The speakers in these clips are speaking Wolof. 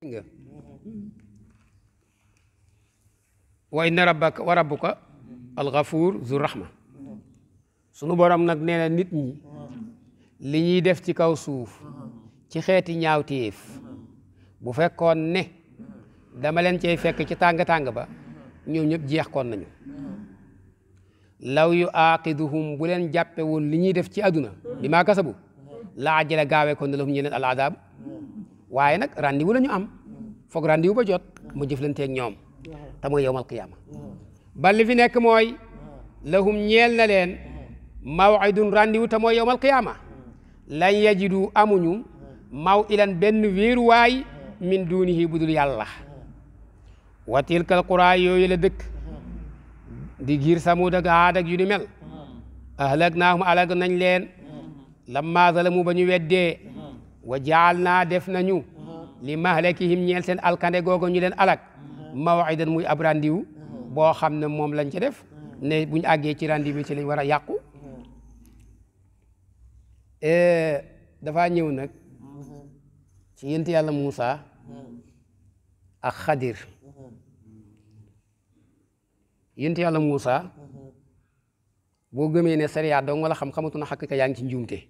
nga wa inna rabbaka wa rabbuka alxafuur zu sunu borom nag nee na nit ñi li ñuy def ci kaw suuf ci xeeti ñaawteef bu fekkoon ne dama leen cay fekk ci tàng-tàng ba ñoom ñëpp jeex koon nañu law yu aaqiduhum bu leen jàppe woon li ñuy def ci àdduna bi maa kasabu la ajjala gaawe ko ne lahum ñeneen al adab waaye nag rendez-vous la ñu am foog rendez-vous ba jot mu jëflanteeg ñoom te mooy yowmal qiyaama ba fi nekk mooy lahum ñeel na leen mawidun rendez-vous te mooy yowmal qiyaama lan yajidu amuñu maw ilan benn wéeruwaay min duunihi budul yàlla wa tilkal qura yooyu la dëkk di giir samud ak aad yu ni mel ahlak naahum alag nañ leen lamma zalamu ba ñu weddee wa jaal naa def nañu li mahlakihim ñeel seen alkande googo ñu leen alak mawidan muy ab randiw boo xam ne moom lañ ci def ne buñ àggee ci randiw bi ci lañ war a yàqu e, ñëw nag ci yent yàlla Muusa ak Xadir yent yàlla Muusa boo gëmee ne sariya dong wala xam-xamatu na xakk ka yaa ngi ci njuumte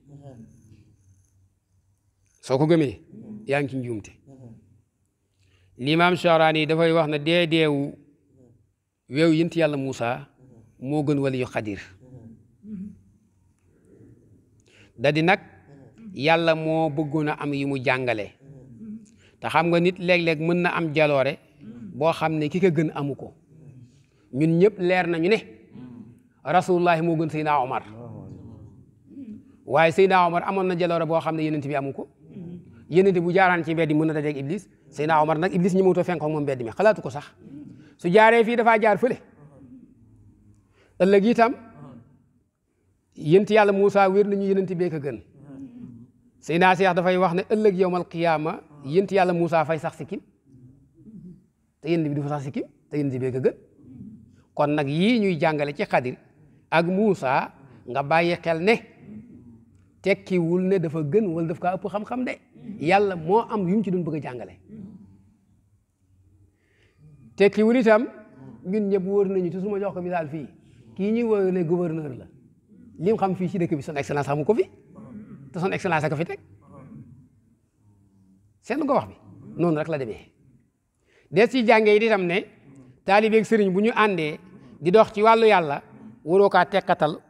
soo ko gëmee yaa ngi ci njuumte limaam Sharaani dafay wax na dee deewu weew yent yàlla Moussa moo gën waliyu xadir da di nag yàlla moo bëggoon a am yi mu jàngale te xam nga nit léeg-léeg mën na am jaloore boo xam ne ki ko gën amu ko ñun ñëpp leer nañu ne rasulullahi moo gën Seydina Omar waaye Seydina Omar amoon na jaloore boo xam ne yonent bi amu ko yenn yénente bu jaaraan ci mbedd mi mën a dajeeg iblis Seydina Omar nag iblis ñi mëwut a fenk ak moom mbedd mi ko sax su jaaree fii dafa jaar fële ëllëg itam yént yàlla Moussa wér nañu yénente bee ko gën Seydina Seex dafay wax ne ëllëg yowmal qiyaama yént yàlla Moussa fay sax sikkim te yénent bi du sax sikkim te yénente bee ko gën kon nag yii ñuy jàngale ci xadir ak Moussa nga bàyyi xel ne tekkiwul ne dafa gën wala daf kaa ëpp xam-xam de yàlla moo am yu mu ci doon bëgg a jàngale tekkiwul itam ñun ñëpp wóor nañu toujours ma fii kii ñuy woowee ne gouverneur la li mu xam fii ci dëkk bi son excellence xamu ko fi te son excellence a ko fi teg seetlu noonu rek la demee. des ci jàngee yi itam ne taalibeeg sëriñ bu ñu àndee di dox ci wàllu yàlla waroo ka tekkatal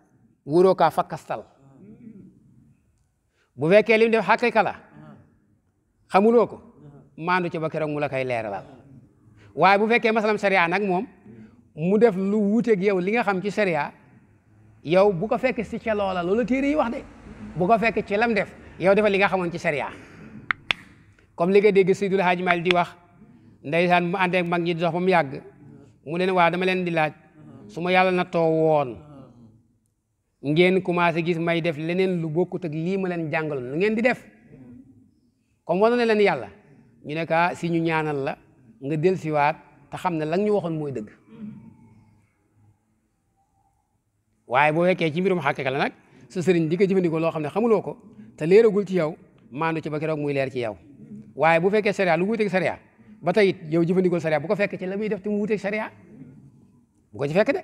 waroo kaa fakkastal bu fekkee lim def xàqiqa la xamuloo ko maandu ci ba keroog mu la koy leeralal waaye bu fekkee masalam sariya nag moom mu def lu wuuteeg yow li nga xam ci sariya yow bu ko fekkee si ca loola loola téere yi wax de bu ko fekk ci lam def yow defa li nga xamoon ci sariya comme li nga dégg Seydul Haaji Maalik di wax ndeysaan mu ànd ak mag ñi di dox ba mu yàgg mu leen waa dama leen di laaj su ma yàlla nattoo woon ngeen commencé gis may def leneen lu bokkut ak lii ma leen jàngaloon lu ngeen di def comme wane na leen yàlla ñu ne ka ah, si ñu ñaanal la nga del siwaat te xam na la ñu waxoon mooy dëgg waaye boo fekkee ci mu xàqiqa la nag su sëriñ di ko jëfandikoo loo xam ne xamuloo ko te leeragul ci yow maandu ci ba keroog muy leer ci yow waaye bu fekkee sariya lu wuuteeg sariya ba tey it yow jëfandikoo sariya bu ko fekk ci la muy def te mu wuuteeg sariya bu ko ci fekk de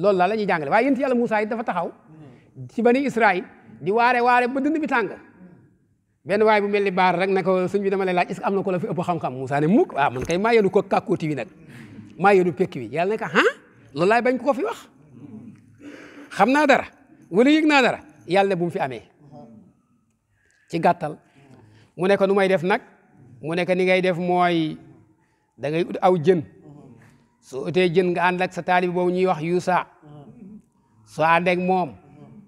loolu laa la ñuy jàngale waaye yéen yàlla Moussa it dafa taxaw ci bani Israël di waare waare ba dënd bi tàng benn waay bu mel ni baar rek ne ko sëñ bi dama lay laaj est am na ko la fi ëpp xam-xam Moussa ne mukk waaw ah, maa yenu ko kàkkooti wi nag maa yenu pekk wi yàlla ne ko bañ ko fi wax xam naa dara wala yëg naa dara yàlla ne bu fi amee ci gàttal mu nekk ko nu may def nag mu nekk ko ni ngay def mooy da ngay aw jën soo utee jën nga ànd ak sa taalibi boobu ñuy wax yuusa soo ànd dek moom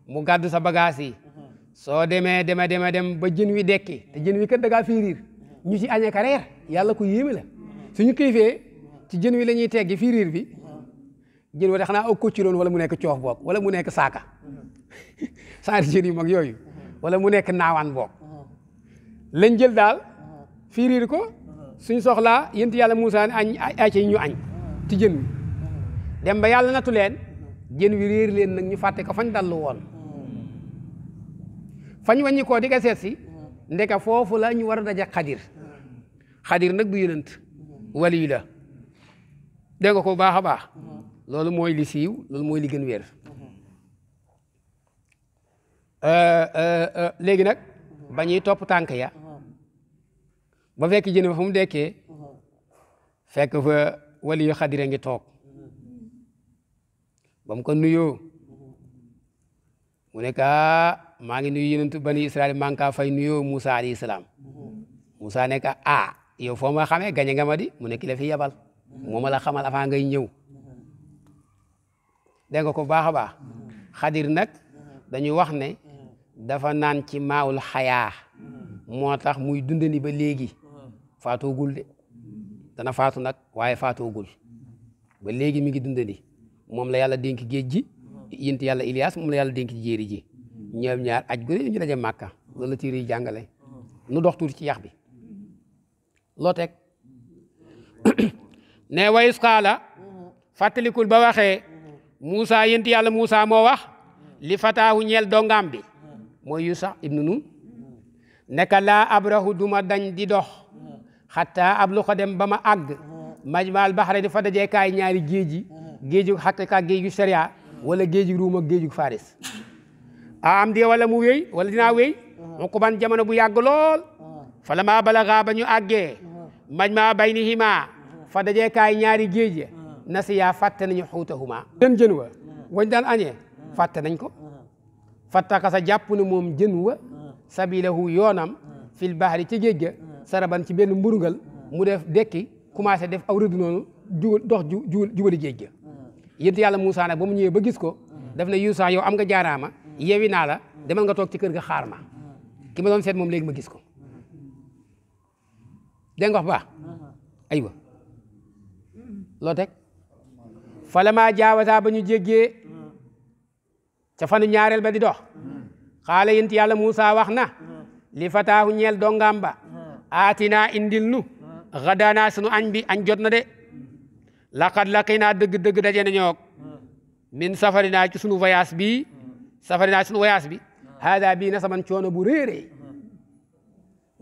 mu gàddu sa bagage yi soo demee deme deme dem ba jën wi dekki te jën wi kat da ngaa fiiriir ñu ci añee ka reer yàlla ku yéeme la suñu kayfee ci jën wi lañuy ñuy teggi fiiriir bi jën wa de naa ak kocci loon wala mu nekk coof boog wala mu nekk saaka saari jën yu mag yooyu wala mu nekk naawaan boog lañ jël daal fiiriir ko suñ soxlaa yént yàlla Moussa ne añ ayca ñu añ ci jën wi dem ba yàlla natu leen jën wi réer leen nag ñu fàtte ko fañ dallu woon fañ wàññi koo di ka seet si ndeka foofu la ñu war a daje xadir xadir nag bu yëlant waliyu la dégg nga ko baax a baax loolu mooy li siiw loolu mooy li gën wér euh, euh, euh, nag bañuy topp tànk ya ba fekk jën fa mu dekkee fekk fa waliyu xadira ngi toog ba mu nuyoo mu ne kaa maa ngi nuyu yonentu bani Israël maa ngi kaa fay nuyoo Moussa alayhi salaam Moussa ne ka ah yow foo ma xamee gañe nga ma di mu ne ki la fi yebal la xamal avant ngay ñëw dégg nga ko baax a baax xadir nag dañu wax ne dafa naan ci maawul xayaa moo tax muy dundani ba léegi faatoogul de dana faatu nag waaye faatoogul ba léegi mi ngi dundani moom la yàlla dénk géej gi yént yàlla Ilias moom la yàlla dénk jéeri ji ñoom ñaar aj gu ñu daje màkka loolu la yi jàngale nu dox tuuti ci yax bi loo teg ne wayus xaala fàttalikul ba waxee Moussa yénti yàlla Moussa moo wax li fataahu ñel dongaam bi mooy Yuusa ibnu Nun neka laa abrahu duma dañ di dox xataa ab lu ko dem ba ma àgg majmaal baxare di fa dajee kaay ñaari géeji géeju xaqiqa géeju sharia wala géeju ruuma géeju faris a am di wala mu wéy wala dinaa wéy mu ko ban jamono bu yàgg lool fala maa balagaa ba ñu àggee maj maa bay ni himaa fa dajee kaay ñaari géej nasiyaa fàtte nañu xuutahuma den jën wa wañ daan añee fàtte nañ ko fattaka sa jàpp ne moom jën wa sabilahu yoonam fil bahri ci géej ga saraban ci benn mburngal mu def dekki commencé def aw rëdd noonu dox ju jubali géej ga yént yàlla Moussa nag ba mu ñëwee ba gis ko daf ne Yuusa yow am nga jaaraama yewi naa la demal nga toog ci kër ga xaar ma ki ma doon seet moom léegi ma gis ko dégg nga aywa loo teg falamaa jaawasaa ba ñu jéggee ca fanu ñaareel ba di dox xaala yent yàlla Moussa wax na li fataahu dongam ba aatinaa indil nu xadaanaa sunu añ na de laqad laqinaa dëgg-dëgg daje na ñoog min safarinaa ci sunu voyage bii safarina suñu voyage bi hada bii na saman coono bu réeree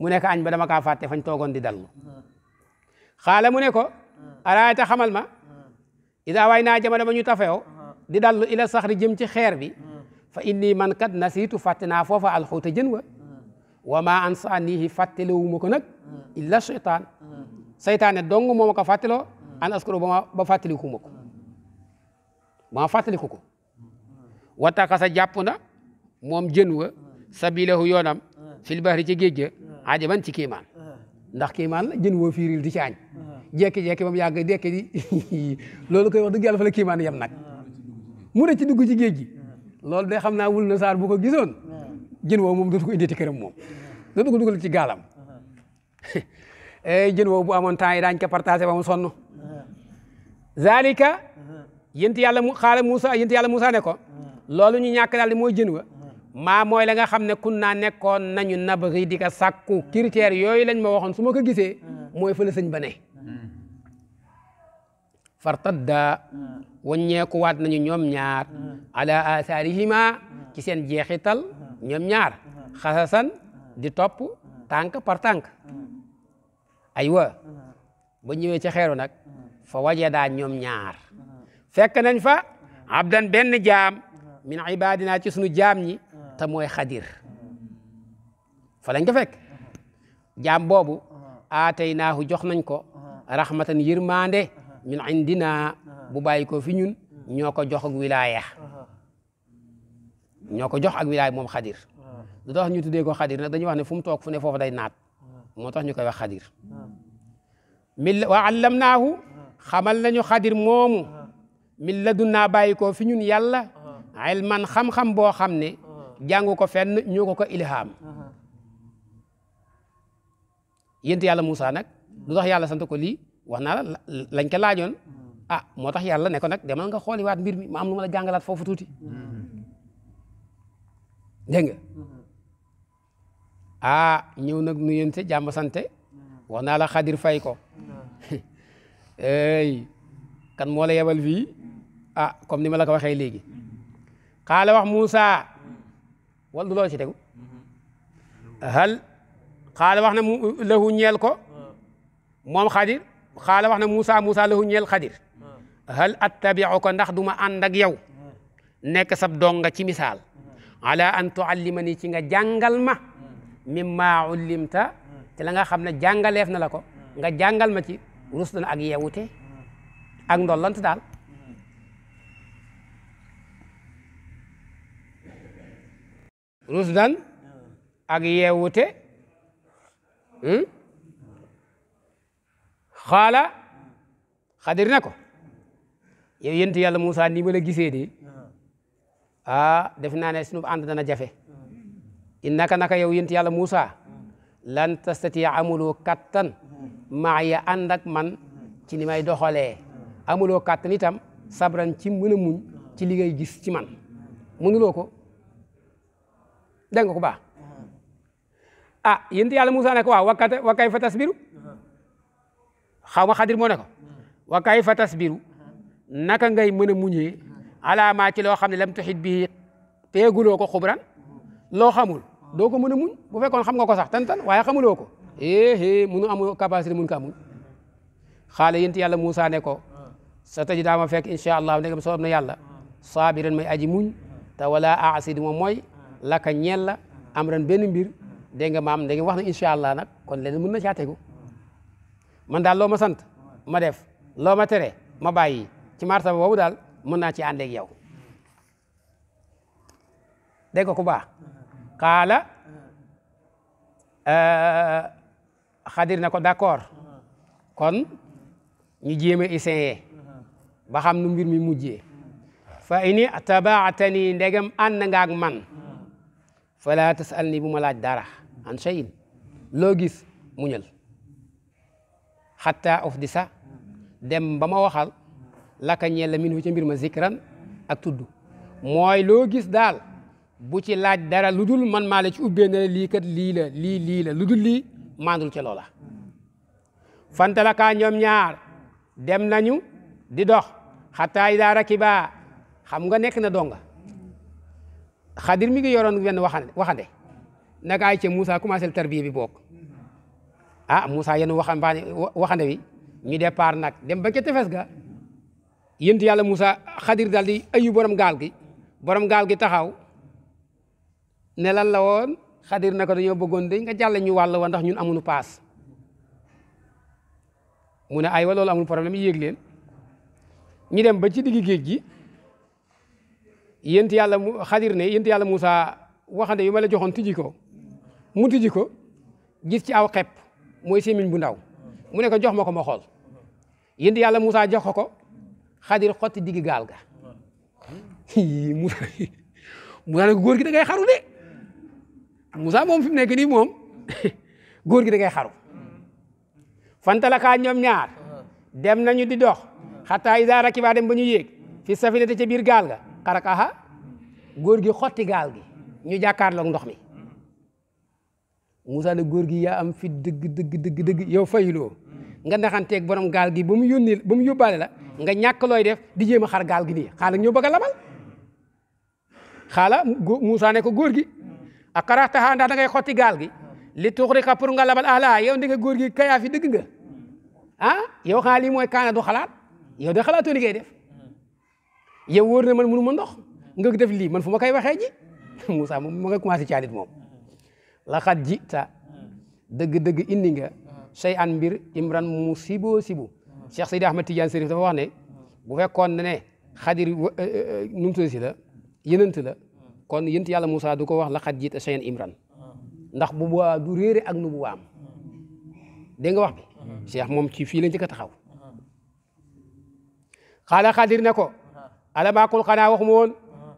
mu ne ko añ ba dama kaa fàtte fañ toogoon di dallu xaala mu ne ko alaata xamal ma ida waay naa jamono ba ñu tafew di dallu ila saxri jëm ci xeer bi fa inni man kat nasiitu fàtte naa foofa alxuuta jën wa wa ma ansaanihi fàttelewuma ko nag illa seytaan seytaane dong moo ma ko fàtteloo an askuro ba ma ba fàttaliku ma ko ma fàttaliku ko watakasa jàpp na moom jën wa sabilahu yoonam ah. fil bahri ci géej ga ah. man ci kiimaan ah. ndax kiimaan la jën woo fiiril di ci añ jekki mu yàgg dekk di loolu koy wax dëgg yàlla fa la kiimaan nag mu ne ci dugg loolu day xam naa wul na saar bu ko gisoon jën woowu moom dootu ko indee ci moom dootu ko dugal ci gaalam eh, jën woowu bu amoon temps yi daañu ko partagé ba mu sonn zalika yent yàlla mu xaala Moussa yent yàlla Moussa ne ko loolu ñu ñàkk daal di mooy jën wa hmm. maa mooy la nga xam ne kun naa nekkoon nañu nabri di ka sàkku hmm. critères yooyu lañ ma waxoon su ma ko gisee hmm. mooy fële sëñ ba ne fartadda waññeekuwaat nañu ñoom ñaar ala ma ci seen jeexital ñoom ñaar xasasan di topp tànk par tànk aywa ba ñëwee ca xeeru nag fa daa ñoom ñaar fekk nañ fa abdan benn jaam min ibadina ci suñu jaam ñi ah. te mooy xadir fa lañ ko fekk jaam boobu ah. aataynaahu jox nañ ko ah. rahmatan yërmande min indina bu bàyyi ko fi ñun hmm. ñoo ko jox ak wilaaya ñoo ko jox ak wilaaya moom xadir lu tax ñu tuddee ko xadir nag dañuy wax ne fu mu toog fu ne foofu day naat moo tax ñu koy wax xadir mil wa allamnaahu xamal nañu xadir moomu min ladun naa bàyyi ko fi ñun yàlla ilman xam-xam boo xam ne jàngu ko fenn ñu ko ko ilham yént yàlla Moussa nag lu tax yàlla sant ko lii wax naa la lañ ko laajoon ah moo tax yàlla ne nag demal nga xooliwaat mbir mi ma am lu ma la jàngalaat foofu tuuti dégg ah, ñëw nag nu yente jàmm sante wax naa la xadir fay ko ey kan moo la yebal fii ah comme ni ma la ko waxee léegi xaala wax Muusa wal du loolu ci tegu hal xaala wax na lahu ñeel ko moom xadir xaala wax na Muusa Muusa lahu ñeel xadir hal attabi'uka ndax du ma ànd ak yow nekk sab dong nga ci misaal ala an tuallimani ci nga jàngal ma mimma ullimta ci la nga xam ne jàngaleef na la ko nga jàngal ma ci rusdan ak yewute ak ndollant daal rusdan ak yeewute hmm? xaala xadir na ko yow yent yàlla Moussa nii ma la gisee de hmm. ah def naa ne sunu ànd dana jafe hmm. innaka naka yow yent yàlla Moussa lan tastati amuloo kattan maa ya ànd man ci ni may doxalee amuloo kattan itam sabran ci mën ci li ngay gis ci man mënuloo ko dégg nga baa a ah yénti yàlla Moussa ne ko waaw wakkate wa kayfa tasbiru xaw ma xadir moo ne ko wa tasbiru naka ngay mën a muñee ci loo xam ne lam tuxit bi peeguloo ko xubran loo xamul doo ko mën a muñ bu fekkoon xam nga ko sax tantan waaye xamuloo ko éé eh, eh, munu amoo capacité mun kaa muñ xaale yénti yàlla Moussa ne ko sa tëj daama fekk incha allah ndegam soob na yàlla saabiran may aji muñ te wala asid moom laka ñeel la am ran benn mbir dégg nga maam da nga wax na allah nag kon leen mën na caa tegu man daal loo ma sant ma def loo ma tere ma bàyyi ci martaba boobu daal mën naa ci ànd ak yow dégg ko ku baax xaala euh, xadir na ko d'accord kon ñu jéem a essayer ba xam nu mbir mi mujjee fa ini tabaatani ndegam ànd nga ak man fala tasal ni bu ma laaj dara an cheyin loo gis muñal of di sa dem ba ma waxal laka ñeel la min hu ca mbir ma zikran ak tuddu mooy loo gis daal bu ci laaj dara lu dul man maa la ci ubbee ne lii kat lii la lii lii la lu dul lii maandul ca loola fantalakaa ñoom ñaar dem nañu di dox xataa idaa rakiba xam nga nekk na donga xadir mi ngi yoroon benn waxande waxande nag ay ca Moussa commencé le tarbiya bi bokk ah Moussa yenn waxambaane waxande bi ñu départ nag dem ba ca tefes ga yént yàlla Moussa xadir daal di ayu borom gaal gi borom gaal gi taxaw ne lan la woon xadir na ko dañoo bëggoon de nga jàll ñu wàll wa ndax ñun amuñu paas mu ne ay wa loolu amul problème yéeg leen ñu dem ba ci digg géej gi yent yàlla mu xadir ne yent yàlla Moussa waxande yu ma la joxoon tijji ko mu tijji ko gis ci aw xepp mooy sémiñ bu ndaw mu nekk jox ma ko ma xool yent yàlla Moussa jox ko ko xadir xotti digg gaal ga Moussa Moussa góor gi da ngay xaru de Moussa moom fi mu nekk nii moom góor gi da ngay xaru fantalaka ñaar dem nañu di dox xataa isa rakiba dem ba ñu yéeg fi safinata ca biir gaal ga xarakaxa góor gi xotti gaal gi ñu jàkkaarloog ndox mi Moussa ne góor gi yaa am fit dëgg dëgg dëgg dëgg yow fayuloo nga naxanteeg borom gaal gi ba mu yónni ba mu yóbbaale la nga ñàkk looy def di jéem a xar gaal gi nii xaala ñoo bëgg a labal xaala Moussa ne ko góor gi ak xaraxtaxaa ndax da ngay xotti gaal gi li tuxrika pour nga labal ahlaa yow ndi nga góor gi kayaa fi dëgg nga ah yow xanaa lii mooy kaana du xalaat yow de xalaatoo liggéey def yow wóor na man mënu ma ndox nga def lii man fu ma koy waxee ji Moussa moom ma nga commencé caalit moom laxat ji ta dëgg-dëgg indi nga say an mbir imran mu sibo sibu Cheikh Seydi Ahmad Tidiane Serif dafa wax ne bu fekkoon ne xadir euh, euh, euh, nu mu tudd si la yënant la kon yënt yàlla Moussa du ko wax laxat ji ta say an imran ndax bu boobaa du réere ak nu bu waam dégg nga wax bi Cheikh moom ci fii la njëkk taxaw ne ko ala baakul xanaa waxuma woon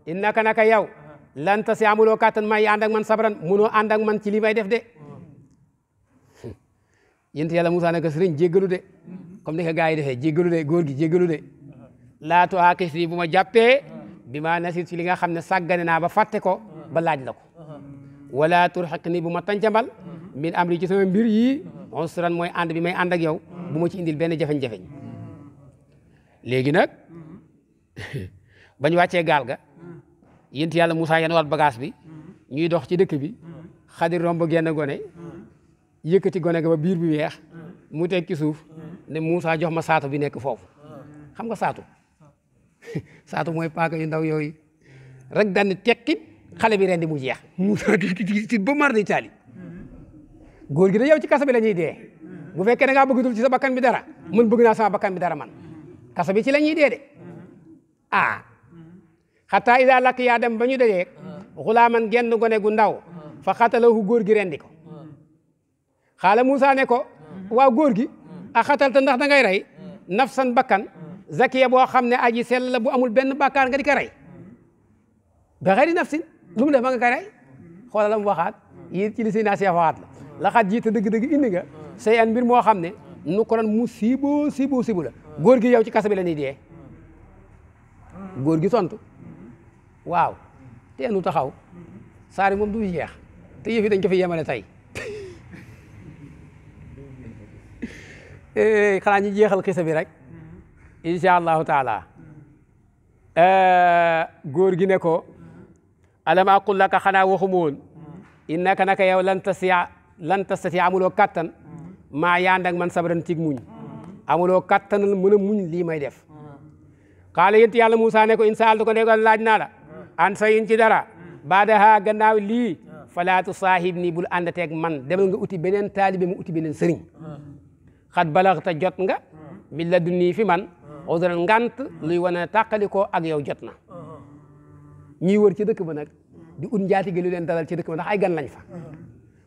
innaka naka yow lan tasi amuloo kàttan may ànd ak man sabran munoo ànd ak man ci lii may def de yénti yàlla na naka sëriñ jéggalu de comme ni ko gars yi defee jéggalu de góor gi jéggalu de laatu aakis nii bu ma jàppee bi ma nasit ci li nga xam ne sàggane naa ba fàtte ko ba laaj la ko wala turxiq ni bu ma tàncambal min amri ci sama mbir yi onsuran mooy ànd bi may ànd ak yow bu ma ci indil benn jafeñ-jafeñ léegi nag bañ wàccee gaal ga hmm. yént yàlla Moussa yeen waat bagage bi hmm. ñuy dox ci dëkk bi hmm. xadir romb genn gone yëkkati gone ga ba biir bi weex mu teg ci suuf ne Moussa jox ma saatu bi nekk foofu xam nga saatu saatu mooy paaka yu ndaw yooyu rek daan tekkit xale bi ren di mu jeex Moussa di ba mar di taali góor gi da yow ci kasa bi la ñuy dee bu fekkee da ngaa bëgg dul ci sa bakkan bi dara man bëgg naa sama bakkan bi dara man kasa bi ci la ñuy dee de ah xataa ida lakk yaadam dem ba ñu dajee xulaaman genn gone gu ndaw fa xatalahu góor gi rendi ko xaala Moussa ne ko waaw góor gi a xatal te ndax da ngay rey nafsan bakkan zakiya boo xam ne aji sell la bu amul benn bakkaar nga di ko rey ba xëy di ma nga koy rey xoolal waxaat yi ci li seen asiya waxaat la laxaat dëgg-dëgg indi an mbir moo xam ne nu ko mu siiboo siiboo siibu la góor gi yow ci kasa bi la nii góor gi tontu waaw nu taxaw saari moom du jeex te yëf yi dañ ko fi yemale tey eh, xanaa ñu jeexal xisa bi rek incha allahu taala eh, góor gi ne ko alam aqul laka xanaa waxuma woon innaka naka yow lan tasia lan tastatia amuloo kattan ma yaand ak man sabran cig muñ amuloo kattanal mën muñ lii may def xaala yent yàlla Moussa ne ko in saaltu ko ne ko laaj naa la an sayin ci dara baadaha gannaaw lii falaatu saahib nii bul ànd teeg man demal nga uti beneen taalibe mu uti beneen sëriñ xat ta jot nga mi la dunnii fi man ausral ngant luy wane tàqalikoo ak yow jot na ñiy wër ci dëkk ba nag di ut njaatige lu leen dalal ci dëkk ba ndax ay gan lañ fa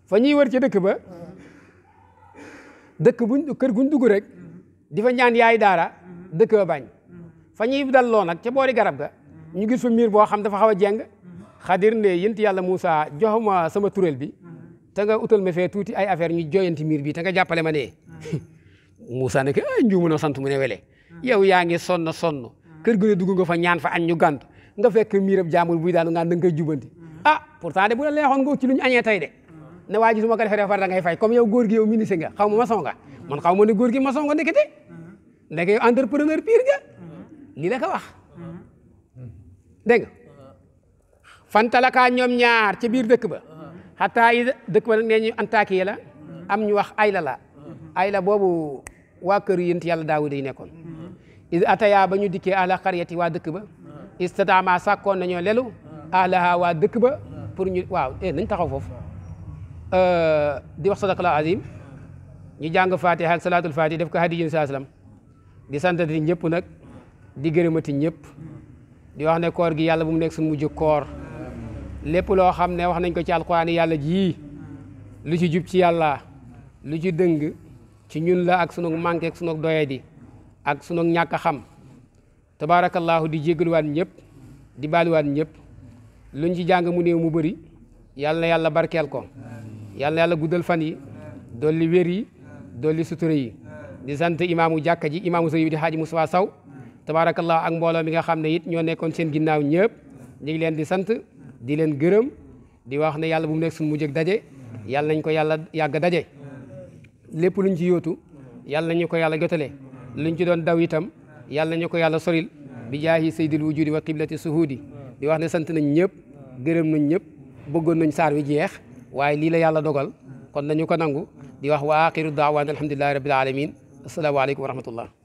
fa ñiy wër ci dëkk ba dëkk buñ kër guñ dugg rek di fa ñaan yaay daara dëkk ba bañ fa ñuy dalloo nag ca boori garab ga ñu gis fa miir boo xam dafa xaw a jeng xadir ne yent yàlla Moussa joxuma sama turel bi te nga utal ma fee tuuti ay affaire ñu joyanti miir bi te nga jàppale ma ne Moussa na ko ah njuuma na sant mu ne wele yow yaa ngi sonn sonn kër gu ne dugg nga fa ñaan fa añ ñu nga fekk miir miirab jaamul buy daanu ngaan da nga koy jubanti ah pourtant de bu la leexoon nga lu ñu tey de ne waa ji ko defee defar da ngay fay comme yow góor gi yow ministre nga xaw ma maçon nga man ma ne gi maçon nga ndekete ndeke yow lii la ko wax dégg nga fantalaka ñoom ñaar ci biir dëkk ba xataa dëkk ba nag nee ñu antaaki la am ñu wax ayla la ayla boobu waa kër yent yàlla daawud yi nekkoon is ataya ba ñu dikkee ala xariyati waa dëkk ba istataama sàkkoon nañoo lelu ahlaha waa dëkk ba pour ñu waaw eh nañ taxaw foofu di wax sadaqal azim ñu jàng fatiha ak salatul fatiha def ko hadijin saa salam di sant di ñëpp nag di gërëmati ñëpp di wax ne koor gi yàlla bu mu nekk mu mujj koor lépp loo xam ne wax nañ ko ci alquran yàlla ji lu ci jub ci yàlla lu ci dëng ci ñun la ak sunu manqué ak sunu doyadi ak sunu ñàkk a xam tabaarakallaahu di jégaluwaat ñëpp di baaluwaat ñëpp luñ ci jàng mu néew mu bëri yàlla na yàlla barkeel ko yàlla na yàlla guddal fan yi dolli wér yi dolli sutura yi di sant imaamu jàkka ji imaamu sayyidi Haaji Moussa saw tabaarakallaa ak mbooloo mi nga xam ne it ñoo nekkoon seen ginnaaw ñëpp ñu leen di sant di leen gërëm di wax na yàlla bu mu nekk suñu mujj ak daje yàlla nañ ko yàlla yàgg daje lépp luñ ci yóotu yàlla nañu ko yàlla jotale luñ ci doon daw itam yàlla nañu ko yàlla soril bi jaahi saydil wujudi wa qiblati suhudi di wax ne sant nañ ñëpp gërëm na ñëpp bëggoon nañ saar wi jeex waaye lii la yàlla dogal kon nañu ko nangu di wax wa axiru daawaana alhamdulillahi rabbil alamin asalaamaaleykum wa rahmatullah